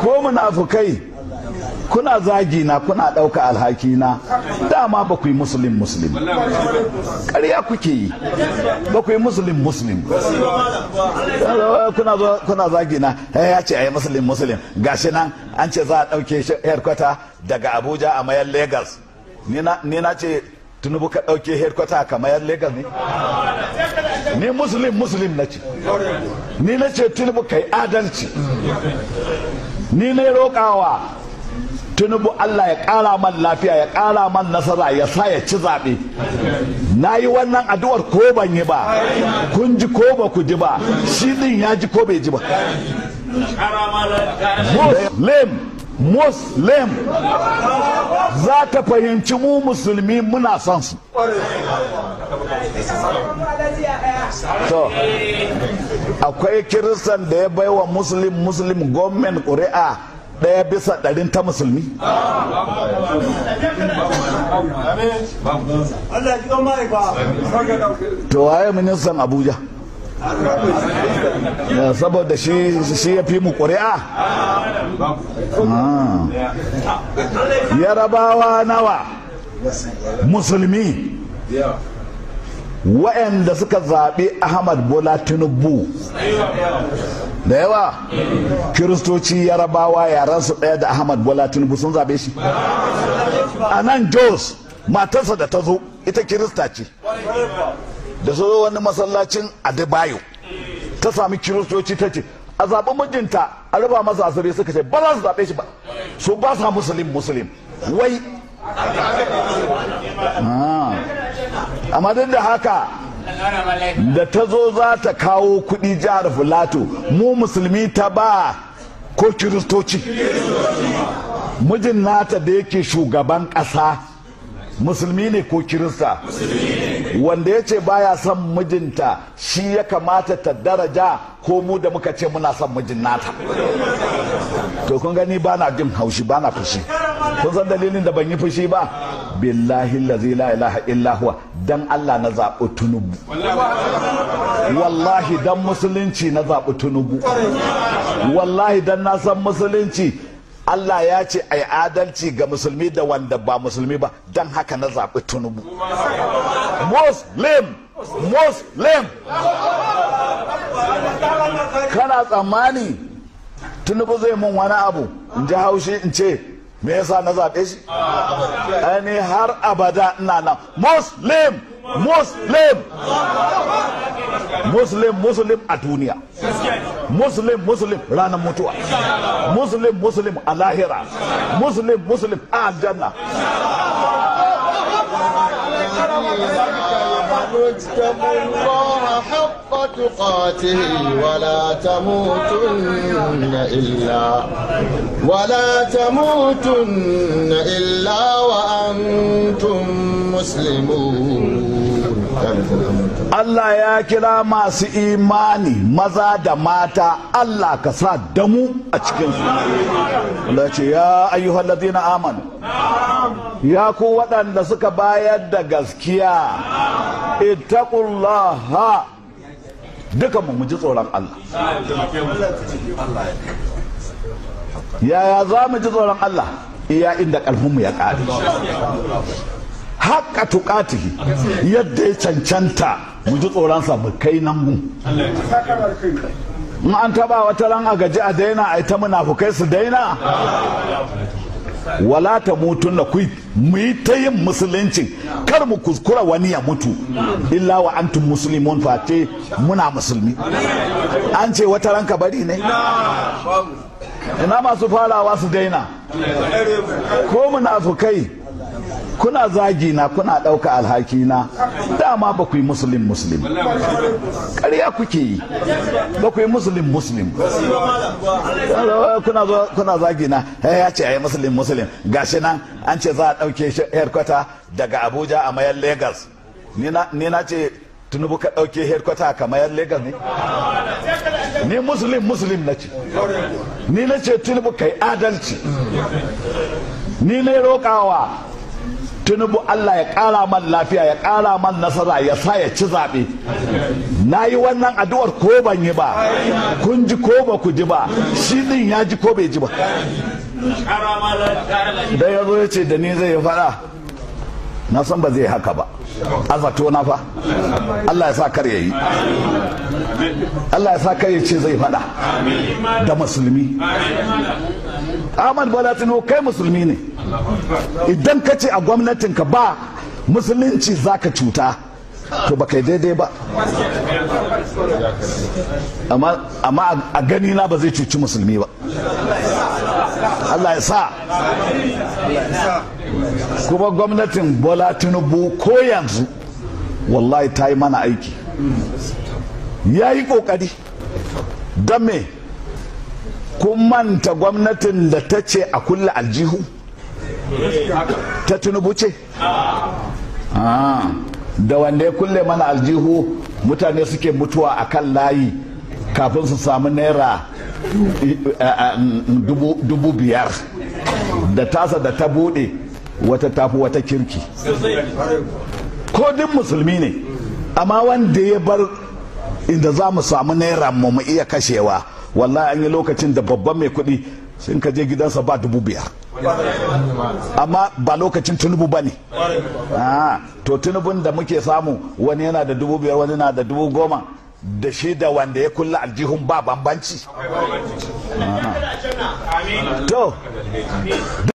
ko munafukai kuna zagi na kuna ɗauka alhaki na dama ba ku yi musulun musulun ƙarya kuke yi ba ku yi musulun musulun kuna zagi na eh, ya ce a yi musulun musulun gashi nan an ce za a ɗauke headquarter daga abuja a mayar lagos ni na ce tunubu ka ɗauke headquarter a mayar lagos ne ni musulun musulun na ce ni na ce tinubu kai adalci ni ne roƙawa tinubu allah ya ƙara man lafiya ya ƙara man nasara ya sa ya ci zaɓe na yi wannan addu'ar ko ban yi ba kun ji ko ba ku ji ba shi ɗin ya ji ko bai ji ba lem muslim za ka fahimci mu musulmi muna son su to akwai kiristan da ya baiwa muslim muslim gwamnan ƙuri'a ɗaya bisa ɗarin ta musulmi to waye ministan abuja saboda shi ya fi mu ƙuri'a ah. yarabawa nawa musulmi waɗanda suka zaɓi ahmad bola tinubu da yawa kiristoci yarabawa su ɗaya da ahmad bola tinubu sun zaɓe shi a nan jos matarsa da ta zo ita kirista ce da zo wani masallacin adebayo ta sami kiristoci ta ce a zaɓi mijinta a raba masa asiri suka ce ba za su zaɓe shi ba su ba sa musulun musulun wai ah. amma duk da haka da ta zo za ta kawo kuɗi jihar filato mu musulmi ta ba ko kiristoci mijin nata da yake shugaban ƙasa musulmi ne ko kirista wanda ya ce baya son mijinta shi ya kamata ta daraja ko mu da muka ce muna son mijin nata to kun gani ba na jin haushi ba na fushi kun san dalilin da ban yi fushi ba billahi lazi la ilaha illa huwa dan Allah na zaɓi tunubu wallahi dan musulunci na zaɓi tunubu wallahi dan na san musulunci Allah ya ce a yi adalci ga musulmi da wanda ba musulmi ba don haka na zaɓi tunubu muslim muslim kana tsammani tunubu zai mun wani abu in ji haushi in ce me yasa na zaɓe shi ne har abada ina nan muslim muslim muslim muslim a duniya muslim muslim ranar mutuwa muslim muslim a lahira muslim muslim a aljanna واتقوا الله حق تقاته ولا تموتن إلا ولا تموتن إلا وأنتم مسلمون Allah ya kira masu imani maza da mata Allah ka sa damu a cikinsu Allah ce ya ayyuhal ladina amanu ya ku waɗanda suka bayar da gaskiya ittaqullaha duka mu ji tsoron Allah yaya za mu ji tsoron Allah iya inda ƙarfinmu ya ƙare haƙa tuƙatihi yadda ya cancanta mu ji tsoronsa mu kai nan mu in an taba wata ran a gaji a daina a ita munafukai su daina wala ta mutu na kuyi mu yi ta yin musulunci kar mu kuskura wani ya mutu illa wa antum muslimun ce muna musulmi an ce wata ranka bari ne ina masu farawa su daina ko munafukai kuna zagi na kuna ɗauka alhaki na dama ba ku yi musulun musulun ƙarya kuke yi ba ku yi musulun musulun kuna zagi na eh, ya ce a yi musulun musulun gashi nan an ce za a ɗauke shi herkwata daga abuja a mayar Legas. ni na ce tunubu ka ɗauke herkwata ka mayar Legas ne ni musulun musulun na ce ni na ce tunubu ka yi adalci ni yi roƙawa tunubu Allah ya ƙara man lafiya ya ƙara man nasara ya sa ya ci zaɓe na yi wannan addu'ar ko ban yi ba kun ji ko ba ku ji ba shi ɗin ya ji ko bai ji ba da ya zo ya ce da ni zai faɗa na san ba zai haka ba azato na fa Allah ya sa kar ya yi Allah ya sa kar ya ce zai faɗa da musulmi Ahmad Bala Tinubu kai musulmi ne idan ka ce a ka ba musulunci za ka cuta to ba kai daidai ba amma a gani na ba zai cuci musulmi ba Allah ya sa kuma gwamnatin bola tinubu ko yanzu wallahi ta yi mana aiki ya yi kokari don me kun manta gwamnatin da ta ce a kulle aljihu ta tunubu ce ah, da wanda ya kulle mana aljihu mutane suke mutuwa a kan layi kafin su samu naira dubu biyar da tasa da ta bude wata tafi wata kirki ko duk musulmi ne amma wanda ya bar inda za mu samu naira mu mu iya kashewa wallahi an yi lokacin da babban mai kuɗi sun ka je gidansa ba dubu biyar amma ba lokacin tunubu ba ne ah, to tunubun da muke samu wani yana da dubu biyar wani na da dubu goma da shi da wanda ya kulla aljihun ba bambanci